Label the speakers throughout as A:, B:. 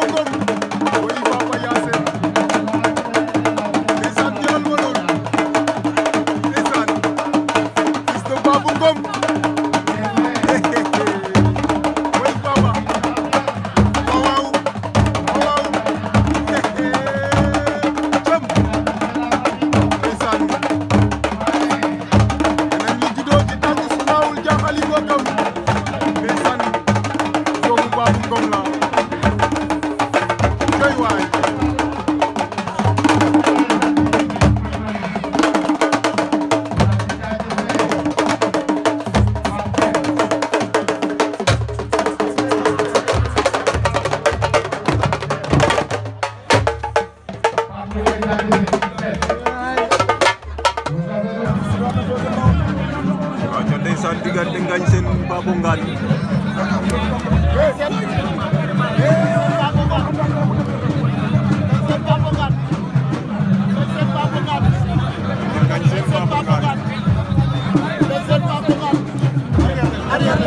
A: London. waaw ca ndeysaan diggante ngañ seen baabu ngaan ngañ seen baabu ngaan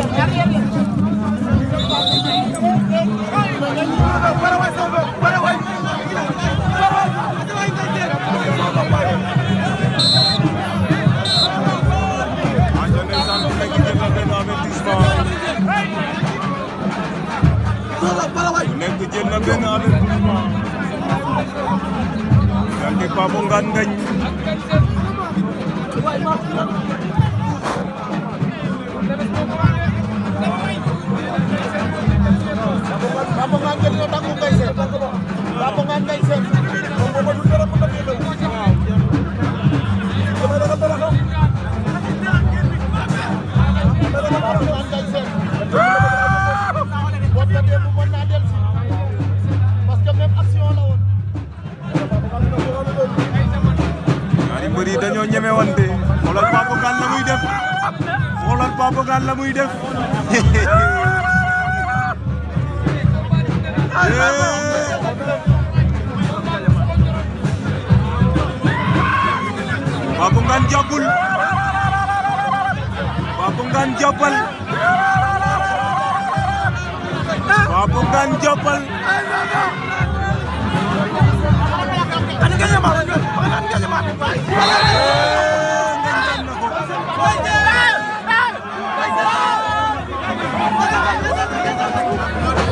A: ku nekk jël na benn avertissement yaa ngi Papo Ngane Ngagne bari dañu ñëmé won dé xolal Papa gal la muy def xolal Papa gal la muy def eh. Papa ngan jàppul Papa ngan jàppal Papa ngan jàppal Thank you.